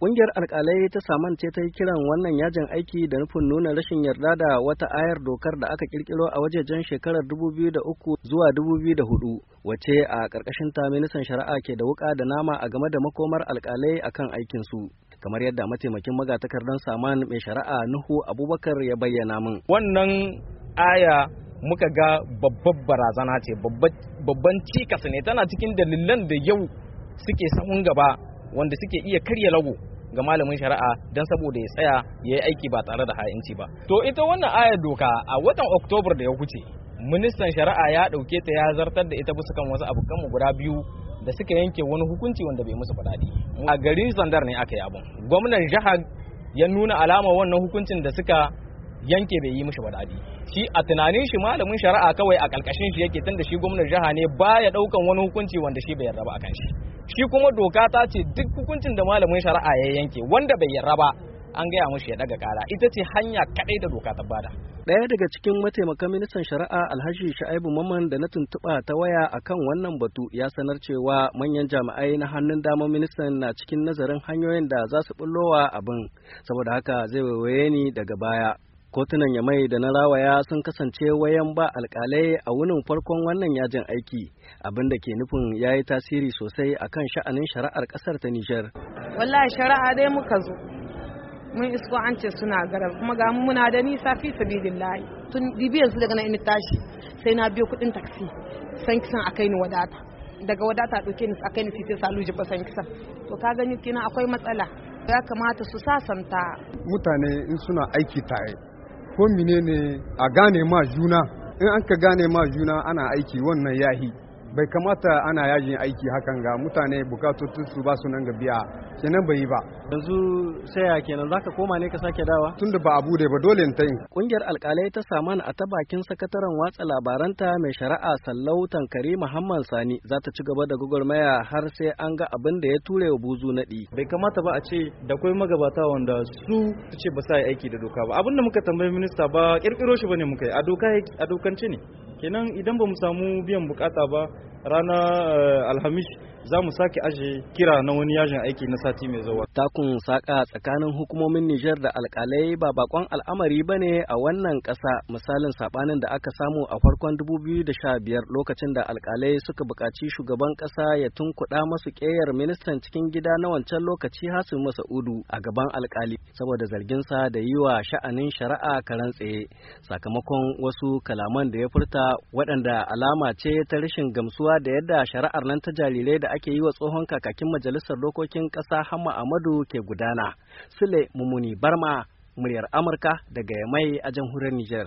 Ƙungiyar alƙalai ta saman ce ta yi kiran wannan yajin aiki da nufin nuna rashin yarda da wata ayar dokar da aka kirkiro a wajejen shekarar 2003 zuwa 2004 wace a ƙarƙashin ta ministan shari'a ke da wuƙa da nama a game da makomar alƙalai akan aikinsu. kamar yadda mataimakin magatakardan saman mai shari'a nuhu abubakar ya bayyana min wannan aya muka ga babbar barazana ce babban cikas ne tana cikin dalilan da yau suke sahun gaba wanda suke iya karya lago ga malamin shari'a don saboda ya tsaya ya yi aiki ba tare da ha'inci ba to ita wannan ayar doka a watan oktobar da ya wuce ministan shari'a ya ɗauke ta ya zartar da ita bisa kan wasu abokanmu guda biyu da suka yanke wani hukunci wanda bai musu faɗaɗi a garin sandar ne aka yi abin gwamnan jihar ya nuna alama wannan hukuncin da suka yanke bai yi mishi faɗaɗi shi a tunanin shi malamin shari'a kawai a ƙalƙashin shi yake tunda shi gwamnan jiha ne baya ɗaukan wani hukunci wanda shi bai yarda ba kan shi shi kuma doka ta ce duk hukuncin da malamin shari'a ya yanke wanda bai yarda ba an gaya mashi ya daga kara ita ce hanya kadai da doka ta bada daya daga cikin mataimakan ministan shari'a alhaji sha'ibu maman da na tuntuɓa ta waya akan wannan batu ya sanar cewa manyan jami'ai na hannun dama ministan na cikin nazarin hanyoyin da za su bullowa abin saboda haka zai waiwaye ni daga baya kotunan yamai da na rawaya sun kasance wayan ba alkalai a wunin farkon wannan yajin aiki abin da ke nufin ya yi tasiri sosai a kan sha'anin shari'ar kasar ta nijar wallahi shari'a dai muka zo mun isko an ce suna garar kuma ga muna da nisa fi layi. tun dibi yanzu daga na ina tashi sai na biyo kudin taksi san kisan akai ni wadata daga wadata dauke ni akai ni fitin saluji ba san kisan to ka gani kina akwai matsala ya kamata su sasanta mutane in suna aiki tare ko menene a gane ma juna in an ka gane ma juna ana aiki wannan yahi bai kamata ana yajin aiki hakan ga mutane bukatu su ba su nan ga biya kenan bai yi ba yanzu sai ya kenan zaka koma ne ka sake dawa tunda ba abu da ba dole ta yi kungiyar alkalai ta saman a ta sakataren watsa labaranta mai shari'a sallau tankari muhammad sani za ta ci gaba da gwagwarmaya har sai an ga abin da ya ture wa buzu naɗi bai kamata ba a ce da kwai magabata wanda su su ce ba sa aiki da doka ba abinda muka tambayi minista ba kirkiro shi ne muka yi a doka a dokance ne kenan idan ba mu samu biyan bukata ba rana eh, alhamis za mu sake aje kira na wani yajin aiki na sati mai zuwa. Takun saka tsakanin hukumomin Nijar da alkalai ba bakon al'amari ba ne a wannan ƙasa misalin saɓanin da aka samu a farkon 2015 lokacin da alkalai suka buƙaci shugaban ƙasa ya tunkuɗa masu ƙeyar ministan cikin gida na wancan lokaci Hasim Masa'udu a gaban alkali saboda zargin sa da yi wa sha'anin shari'a karan tsaye sakamakon wasu kalaman da ya furta waɗanda alama ce ta rashin gamsuwa da yadda shari'ar nan ta jarirai da ake yi wa tsohon kakakin majalisar dokokin ƙasa Hamma Amadu ke gudana. Sule Mumuni Barma, muryar Amurka daga Yamai a jamhuriyar Nijar.